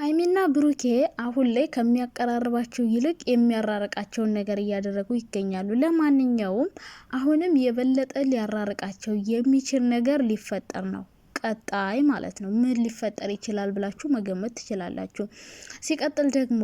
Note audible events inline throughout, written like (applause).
ሀይሚና ብሩኬ አሁን ላይ ከሚያቀራርባቸው ይልቅ የሚያራርቃቸውን ነገር እያደረጉ ይገኛሉ። ለማንኛውም አሁንም የበለጠ ሊያራርቃቸው የሚችል ነገር ሊፈጠር ነው ቀጣይ ማለት ነው። ምን ሊፈጠር ይችላል ብላችሁ መገመት ትችላላችሁ። ሲቀጥል ደግሞ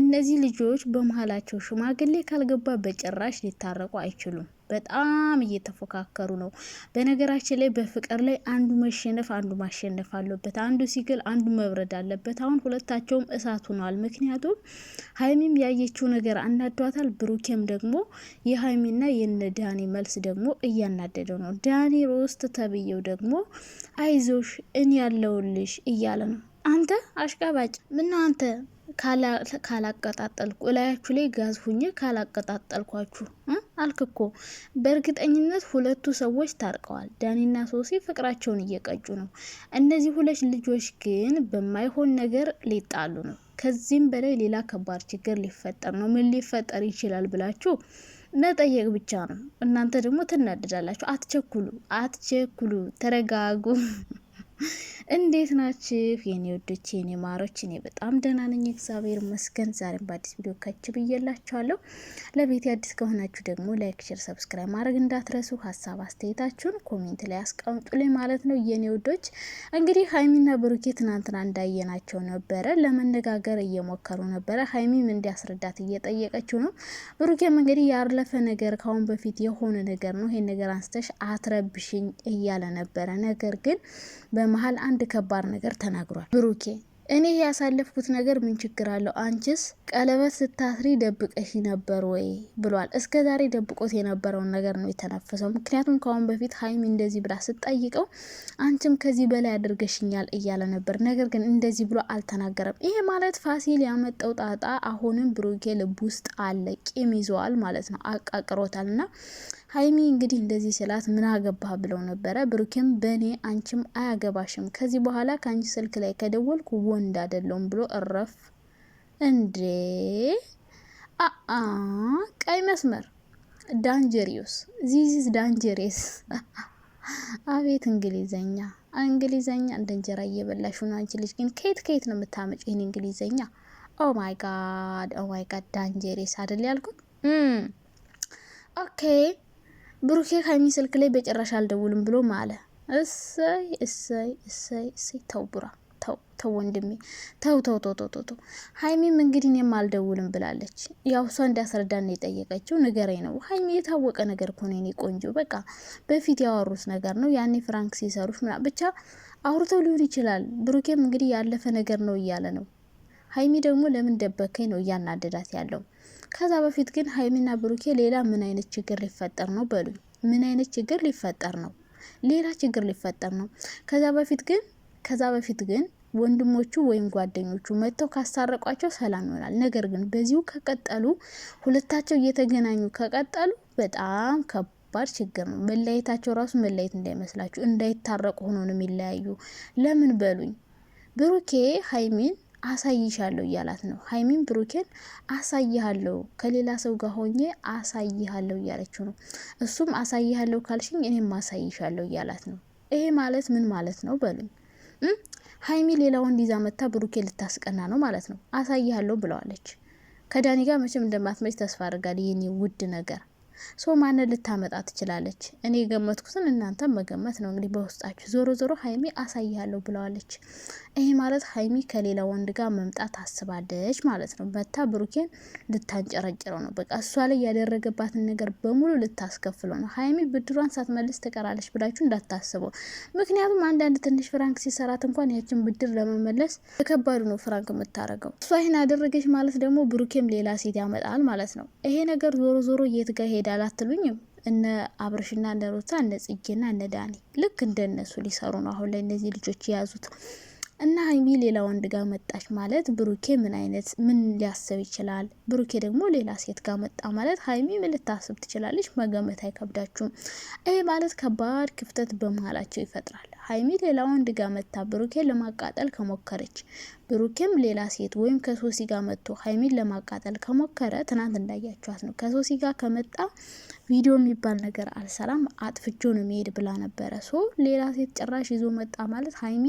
እነዚህ ልጆች በመሀላቸው ሽማግሌ ካልገባ በጭራሽ ሊታረቁ አይችሉም። በጣም እየተፎካከሩ ነው። በነገራችን ላይ በፍቅር ላይ አንዱ መሸነፍ አንዱ ማሸነፍ አለበት። አንዱ ሲግል አንዱ መብረድ አለበት። አሁን ሁለታቸውም እሳት ሆኗል። ምክንያቱም ሀይሚም ያየችው ነገር አናዷታል። ብሩኬም ደግሞ የሀይሚና የነ ዳኒ መልስ ደግሞ እያናደደው ነው። ዳኒ ሮስት ተብዬው ደግሞ አይዞሽ እን ያለውልሽ እያለ ነው። አንተ አሽቃባጭ ምነው አንተ ካላቀጣጠልኩ እላያችሁ ላይ ጋዝ ሁኜ ካላቀጣጠልኳችሁ አልክኮ። በእርግጠኝነት ሁለቱ ሰዎች ታርቀዋል። ዳኒና ሶሲ ፍቅራቸውን እየቀጩ ነው። እነዚህ ሁለት ልጆች ግን በማይሆን ነገር ሊጣሉ ነው። ከዚህም በላይ ሌላ ከባድ ችግር ሊፈጠር ነው። ምን ሊፈጠር ይችላል ብላችሁ መጠየቅ ብቻ ነው። እናንተ ደግሞ ትናደዳላችሁ። አትቸኩሉ፣ አትቸኩሉ፣ ተረጋጉ። እንዴት ናችሁ የኔ ወዶች የኔ ማሮች? እኔ በጣም ደህና ነኝ፣ እግዚአብሔር ይመስገን። ዛሬም በአዲስ ቪዲዮ ከች ብዬላችኋለሁ። ለቤት አዲስ ከሆናችሁ ደግሞ ላይክ፣ ሼር፣ ሰብስክራይብ ማድረግ እንዳትረሱ። ሀሳብ አስተያየታችሁን ኮሜንት ላይ ላይ ማለት ነው የኔ ወዶች። እንግዲህ ሀይሚና ብሩኬ ትናንትና እንዳየናቸው ነበረ፣ ለመነጋገር እየሞከሩ ነበረ። ሀይሚም እንዲያስረዳት እየጠየቀችው ነው። ብሩኬም እንግዲህ ያለፈ ነገር ከአሁን በፊት የሆነ ነገር ነው፣ ይሄን ነገር አንስተሽ አትረብሽኝ እያለ ነበረ። ነገር ግን በመሀል አንድ ከባድ ነገር ተናግሯል። ብሩኬ እኔ ያሳለፍኩት ነገር ምን ችግር አለው? አንቺስ ቀለበት ስታስሪ ደብቀሽ ነበር ወይ ብሏል። እስከ ዛሬ ደብቆት የነበረውን ነገር ነው የተነፈሰው። ምክንያቱም ከአሁን በፊት ሀይሚ እንደዚህ ብላ ስጠይቀው አንቺም ከዚህ በላይ አድርገሽኛል እያለ ነበር። ነገር ግን እንደዚህ ብሎ አልተናገረም። ይሄ ማለት ፋሲል ያመጣው ጣጣ አሁንም ብሩኬ ልብ ውስጥ አለ፣ ቂም ይዘዋል ማለት ነው። አቃቅሮታል እና ሀይሚ እንግዲህ እንደዚህ ስላት ምን አገባህ ብለው ነበረ። ብሩኬም በእኔ አንቺም አያገባሽም፣ ከዚህ በኋላ ከአንቺ ስልክ ላይ ከደወልኩ ወንድ አይደለውም ብሎ እረፍ። እንዴ አአ ቀይ መስመር ዳንጀሪዮስ ዚዚስ ዳንጀሬስ። አቤት እንግሊዘኛ እንግሊዘኛ እንደ እንጀራ እየበላሽ ሆኖ፣ አንቺ ልጅ ግን ከየት ከየት ነው የምታመጭ ይህን እንግሊዘኛ? ኦ ማይ ጋድ ኦ ማይ ጋድ ዳንጀሬስ አደል ያልኩት። ኦኬ ብሩኬ ሀይሚ ስልክ ላይ በጭራሽ አልደውልም ብሎ ማለ። እሰይ እሰይ እሰይ እሰይ! ተው ቡራ ተው ተው ወንድሜ ተው ተው ተው ተው ተው። ሀይሚም እንግዲህ እኔም አልደውልም ብላለች። ያው እሷ እንዳስረዳን ነው የጠየቀችው። ንገረኝ ነው ሀይሚ፣ የታወቀ ነገር እኮ ነው የኔ ቆንጆ። በቃ በፊት ያወሩት ነገር ነው ያኔ ፍራንክ ሲሰሩሽ ምና ብቻ አውርተው ሊሆን ይችላል። ብሩኬም እንግዲህ ያለፈ ነገር ነው እያለ ነው። ሀይሚ ደግሞ ለምን ደበከኝ ነው እያናደዳት ያለው። ከዛ በፊት ግን ሀይሚና ብሩኬ ሌላ ምን አይነት ችግር ሊፈጠር ነው በሉኝ። ምን አይነት ችግር ሊፈጠር ነው? ሌላ ችግር ሊፈጠር ነው። ከዛ በፊት ግን ከዛ በፊት ግን ወንድሞቹ ወይም ጓደኞቹ መጥተው ካስታረቋቸው ሰላም ይሆናል። ነገር ግን በዚሁ ከቀጠሉ ሁለታቸው እየተገናኙ ከቀጠሉ በጣም ከባድ ችግር ነው። መለያየታቸው ራሱ መለያየት እንዳይመስላችሁ እንዳይታረቁ ሆኖ ነው የሚለያዩ። ለምን በሉኝ ብሩኬ ሀይሚን አሳይሻለሁ እያላት ነው። ሀይሚን ብሩኬን አሳይሃለሁ ከሌላ ሰው ጋር ሆኜ አሳይሃለሁ እያለችው ነው። እሱም አሳይሃለሁ ካልሽኝ እኔም አሳይሻለሁ እያላት ነው። ይሄ ማለት ምን ማለት ነው በሉኝ። ሀይሚ ሌላ ወንድ ይዛ መታ ብሩኬ ልታስቀና ነው ማለት ነው። አሳይሃለሁ ብለዋለች። ከዳኒ ጋር መቼም እንደማትመጭ ተስፋ አድርጋል። የኔ ውድ ነገር ሶ ማንን ልታመጣ ትችላለች? እኔ የገመትኩትን እናንተ መገመት ነው እንግዲህ በውስጣችሁ። ዞሮ ዞሮ ሀይሚ አሳያለሁ ብለዋለች። ይሄ ማለት ሀይሚ ከሌላ ወንድ ጋር መምጣት አስባለች ማለት ነው። መታ ብሩኬን ልታንጨረጭረው ነው። በቃ እሷ ላይ ያደረገባትን ነገር በሙሉ ልታስከፍለው ነው። ሀይሚ ብድሯን ሳትመልስ ትቀራለች ብላችሁ እንዳታስበው። ምክንያቱም አንዳንድ ትንሽ ፍራንክ ሲሰራት እንኳን ያችን ብድር ለመመለስ በከባዱ ነው ፍራንክ የምታደርገው። እሷ ይህን አደረገች ማለት ደግሞ ብሩኬም ሌላ ሴት ያመጣል ማለት ነው። ይሄ ነገር ዞሮ ዞሮ የት ጋር ሄደ ይሄዳል አትሉኝም? እነ አብርሽና እነ ሩታ እነ ጽጌና እነ ዳኒ ልክ እንደነሱ ሊሰሩ ነው አሁን ላይ እነዚህ ልጆች የያዙት እና ሀይሚ ሌላ ወንድ ጋር መጣች ማለት ብሩኬ ምን አይነት ምን ሊያስብ ይችላል? ብሩኬ ደግሞ ሌላ ሴት ጋር መጣ ማለት ሀይሚ ምን ልታስብ ትችላለች? መገመት አይከብዳችሁም። ይሄ ማለት ከባድ ክፍተት በመሀላቸው ይፈጥራል። ሀይሚ ሌላ ወንድ ጋር መታ ብሩኬን ለማቃጠል ከሞከረች፣ ብሩኬም ሌላ ሴት ወይም ከሶሲ ጋር መጥቶ ሀይሚን ለማቃጠል ከሞከረ ትናንት እንዳያችኋት ነው። ከሶሲ ጋር ከመጣ ቪዲዮ የሚባል ነገር አልሰራም አጥፍጆ ነው የሚሄድ ብላ ነበረ። ሶ ሌላ ሴት ጭራሽ ይዞ መጣ ማለት ሀይሚ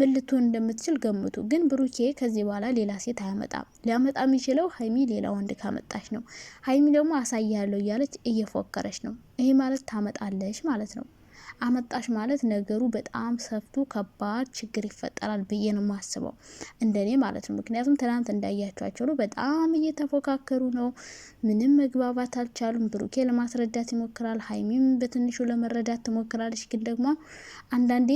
ምን ልትሆን እንደምትችል ገምቱ። ግን ብሩኬ ከዚህ በኋላ ሌላ ሴት አያመጣም። ሊያመጣ የሚችለው ሀይሚ ሌላ ወንድ ካመጣች ነው። ሀይሚ ደግሞ አሳያለሁ እያለች እየፎከረች ነው። ይሄ ማለት ታመጣለች ማለት ነው። አመጣሽ ማለት ነገሩ በጣም ሰፍቶ ከባድ ችግር ይፈጠራል ብዬ ነው የማስበው፣ እንደኔ ማለት ነው። ምክንያቱም ትናንት እንዳያቸዋቸው ነው በጣም እየተፎካከሩ ነው። ምንም መግባባት አልቻሉም። ብሩኬ ለማስረዳት ይሞክራል፣ ሀይሚም በትንሹ ለመረዳት ትሞክራለች። ግን ደግሞ አንዳንዴ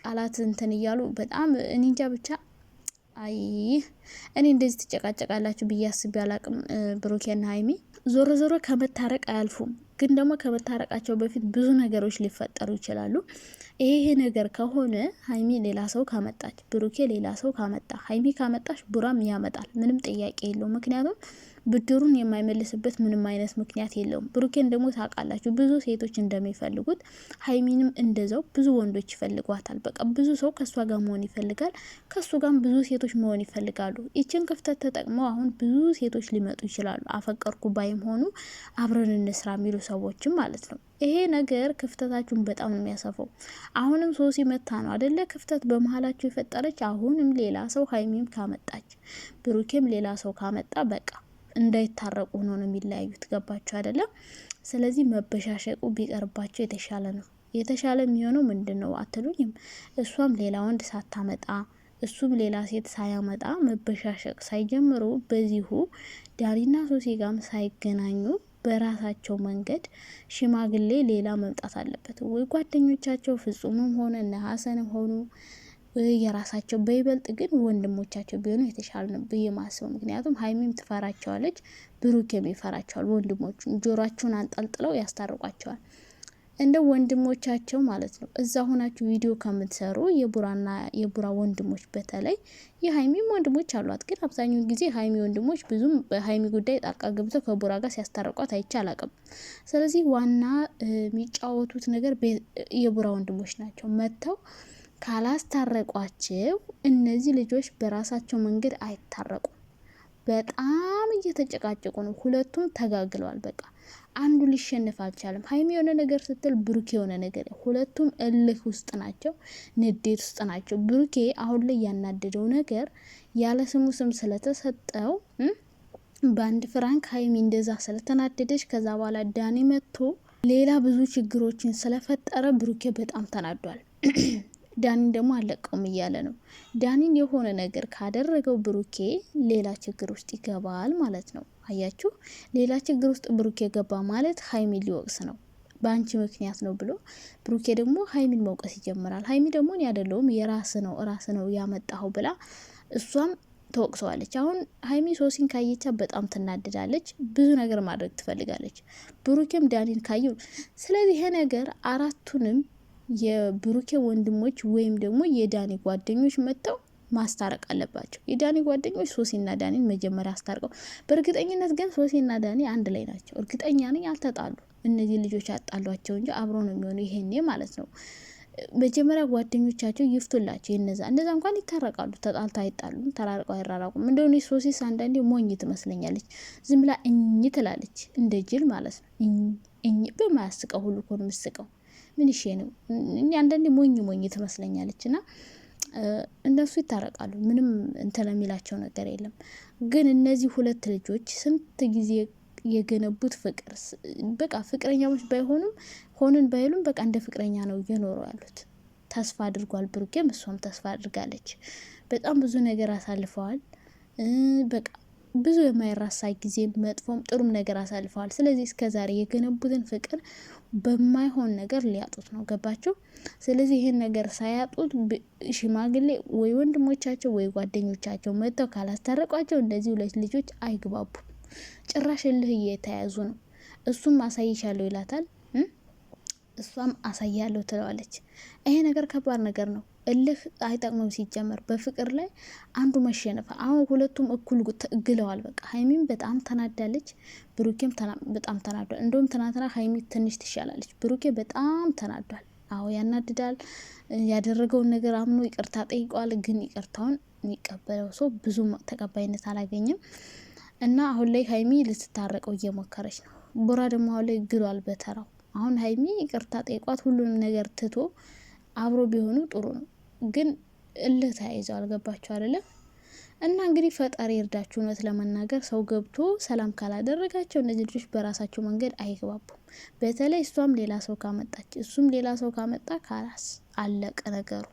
ቃላት እንትን እያሉ በጣም እንጃ ብቻ አይ እኔ እንደዚህ ትጨቃጨቃላችሁ ብዬ አስቤ አላቅም። ብሩኬና ሀይሚ ዞሮ ዞሮ ከመታረቅ አያልፉም። ግን ደግሞ ከመታረቃቸው በፊት ብዙ ነገሮች ሊፈጠሩ ይችላሉ። ይሄ ነገር ከሆነ ሀይሚ ሌላ ሰው ካመጣች፣ ብሩኬ ሌላ ሰው ካመጣ፣ ሀይሚ ካመጣች ቡራም ያመጣል። ምንም ጥያቄ የለው። ምክንያቱም ብድሩን የማይመልስበት ምንም አይነት ምክንያት የለውም። ብሩኬን ደግሞ ታውቃላችሁ ብዙ ሴቶች እንደሚፈልጉት ሀይሚንም እንደዛው ብዙ ወንዶች ይፈልጓታል። በቃ ብዙ ሰው ከእሷ ጋር መሆን ይፈልጋል። ከእሱ ጋርም ብዙ ሴቶች መሆን ይፈልጋሉ። ይችን ክፍተት ተጠቅመው አሁን ብዙ ሴቶች ሊመጡ ይችላሉ። አፈቀርኩ ባይም ሆኑ አብረን እንስራ የሚሉ ሰዎችም ማለት ነው። ይሄ ነገር ክፍተታችሁን በጣም ነው የሚያሰፋው። አሁንም ሶሲ መታ ነው አደለ ክፍተት በመሀላችሁ የፈጠረች። አሁንም ሌላ ሰው ሀይሚም ካመጣች ብሩኬም ሌላ ሰው ካመጣ በቃ እንዳይታረቁ ነው ነው የሚለያዩት። ገባችሁ አደለም? ስለዚህ መበሻሸቁ ቢቀርባቸው የተሻለ ነው። የተሻለ የሚሆነው ምንድን ነው አትሉኝም? እሷም ሌላ ወንድ ሳታመጣ እሱም ሌላ ሴት ሳያመጣ መበሻሸቅ ሳይጀምሩ በዚሁ ዳኒና ሶሲ ጋም ሳይገናኙ በራሳቸው መንገድ ሽማግሌ ሌላ መምጣት አለበት ወይ ጓደኞቻቸው ፍጹምም ሆነ እነ ሀሰንም ሆኑ የራሳቸው በይበልጥ ግን ወንድሞቻቸው ቢሆኑ የተሻለ ነው ብዬ ማስበው። ምክንያቱም ሀይሚም ትፈራቸዋለች፣ ብሩኬም ይፈራቸዋል። ወንድሞቹን ጆሯቸውን አንጠልጥለው ያስታርቋቸዋል። እንደ ወንድሞቻቸው ማለት ነው። እዛ ሆናችሁ ቪዲዮ ከምትሰሩ የቡራና የቡራ ወንድሞች በተለይ የሀይሚም ወንድሞች አሏት። ግን አብዛኛውን ጊዜ ሀይሚ ወንድሞች ብዙም በሀይሚ ጉዳይ ጣልቃ ገብተው ከቡራ ጋር ሲያስታርቋት አይቼ አላቅም። ስለዚህ ዋና የሚጫወቱት ነገር የቡራ ወንድሞች ናቸው። መጥተው ካላስታረቋቸው እነዚህ ልጆች በራሳቸው መንገድ አይታረቁም። በጣም እየተጨቃጨቁ ነው። ሁለቱም ተጋግለዋል። በቃ አንዱ ሊሸንፍ አልቻለም። ሀይሚ የሆነ ነገር ስትል ብሩኬ የሆነ ነገር፣ ሁለቱም እልህ ውስጥ ናቸው፣ ንዴት ውስጥ ናቸው። ብሩኬ አሁን ላይ ያናደደው ነገር ያለ ስሙ ስም ስለተሰጠው በአንድ ፍራንክ ሀይሚ እንደዛ ስለተናደደች ከዛ በኋላ ዳኒ መጥቶ ሌላ ብዙ ችግሮችን ስለፈጠረ ብሩኬ በጣም ተናዷል። (clears throat) ዳኒን ደግሞ አለቀውም እያለ ነው። ዳኒን የሆነ ነገር ካደረገው ብሩኬ ሌላ ችግር ውስጥ ይገባል ማለት ነው። አያችሁ፣ ሌላ ችግር ውስጥ ብሩኬ ገባ ማለት ሀይሚ ሊወቅስ ነው። በአንቺ ምክንያት ነው ብሎ ብሩኬ ደግሞ ሀይሚን መውቀስ ይጀምራል። ሀይሚ ደግሞ እኔ አይደለሁም የራስ ነው ራስ ነው ያመጣሁ ብላ እሷም ተወቅሰዋለች። አሁን ሀይሚ ሶሲን ካየቻ በጣም ትናደዳለች። ብዙ ነገር ማድረግ ትፈልጋለች። ብሩኬም ዳኒን ካየው። ስለዚህ ይሄ ነገር አራቱንም የብሩኬ ወንድሞች ወይም ደግሞ የዳኒ ጓደኞች መጥተው ማስታረቅ አለባቸው። የዳኒ ጓደኞች ሶሴና ዳኒን መጀመሪያ አስታርቀው፣ በእርግጠኝነት ግን ሶሴና ዳኒ አንድ ላይ ናቸው። እርግጠኛ ነኝ አልተጣሉ። እነዚህ ልጆች አጣሏቸው እንጂ አብሮ ነው የሚሆኑ። ይሄኔ ማለት ነው መጀመሪያ ጓደኞቻቸው ይፍቱላቸው። የነዛ እንደዛ እንኳን ይታረቃሉ። ተጣልተው አይጣሉም፣ ተራርቀው አይራራቁም። እንደሆነ ሶሴስ አንዳንዴ ሞኝ ትመስለኛለች። ዝም ብላ እኝ ትላለች፣ እንደ ጅል ማለት ነው። እኝ በማያስቀው ሁሉ እኮ ነው የምትስቀው። ምን ይሼ ነው እኔ አንዳንዴ ሞኝ ሞኝ ትመስለኛለች። እና እነሱ ይታረቃሉ፣ ምንም እንትን የሚላቸው ነገር የለም። ግን እነዚህ ሁለት ልጆች ስንት ጊዜ የገነቡት ፍቅር በቃ ፍቅረኛዎች ባይሆኑም ሆንን ባይሉም በቃ እንደ ፍቅረኛ ነው እየኖሩ ያሉት። ተስፋ አድርጓል ብሩኬም፣ እሷም ተስፋ አድርጋለች። በጣም ብዙ ነገር አሳልፈዋል በቃ ብዙ የማይራሳ ጊዜ መጥፎም ጥሩም ነገር አሳልፈዋል። ስለዚህ እስከ ዛሬ የገነቡትን ፍቅር በማይሆን ነገር ሊያጡት ነው። ገባቸው። ስለዚህ ይህን ነገር ሳያጡት ሽማግሌ ወይ ወንድሞቻቸው ወይ ጓደኞቻቸው መጥተው ካላስታረቋቸው እነዚህ ሁለት ልጆች አይግባቡም። ጭራሽ እልህ እየተያዙ ነው። እሱም አሳይሻለሁ ይላታል፣ እሷም አሳያለሁ ትለዋለች። ይሄ ነገር ከባድ ነገር ነው። እልህ አይጠቅምም። ሲጀመር በፍቅር ላይ አንዱ መሸነፈ። አሁን ሁለቱም እኩል ግለዋል። በቃ ሀይሚም በጣም ተናዳለች፣ ብሩኬም በጣም ተናዷል። እንደውም ትናንትና ሀይሚ ትንሽ ትሻላለች፣ ብሩኬ በጣም ተናዷል። አዎ ያናድዳል። ያደረገውን ነገር አምኖ ይቅርታ ጠይቋል፣ ግን ይቅርታውን የሚቀበለው ሰው ብዙ ተቀባይነት አላገኘም እና አሁን ላይ ሀይሚ ልትታረቀው እየሞከረች ነው። ቦራ ደግሞ አሁን ላይ ግሏል በተራው። አሁን ሀይሚ ይቅርታ ጠይቋት ሁሉንም ነገር ትቶ አብሮ ቢሆኑ ጥሩ ነው። ግን እልህ ተያይዘው አልገባቸው አይደለም። እና እንግዲህ ፈጣሪ እርዳችሁ። እውነት ለመናገር ሰው ገብቶ ሰላም ካላደረጋቸው እነዚህ ልጆች በራሳቸው መንገድ አይግባቡም። በተለይ እሷም ሌላ ሰው ካመጣች፣ እሱም ሌላ ሰው ካመጣ ካላስ አለቀ ነገሩ።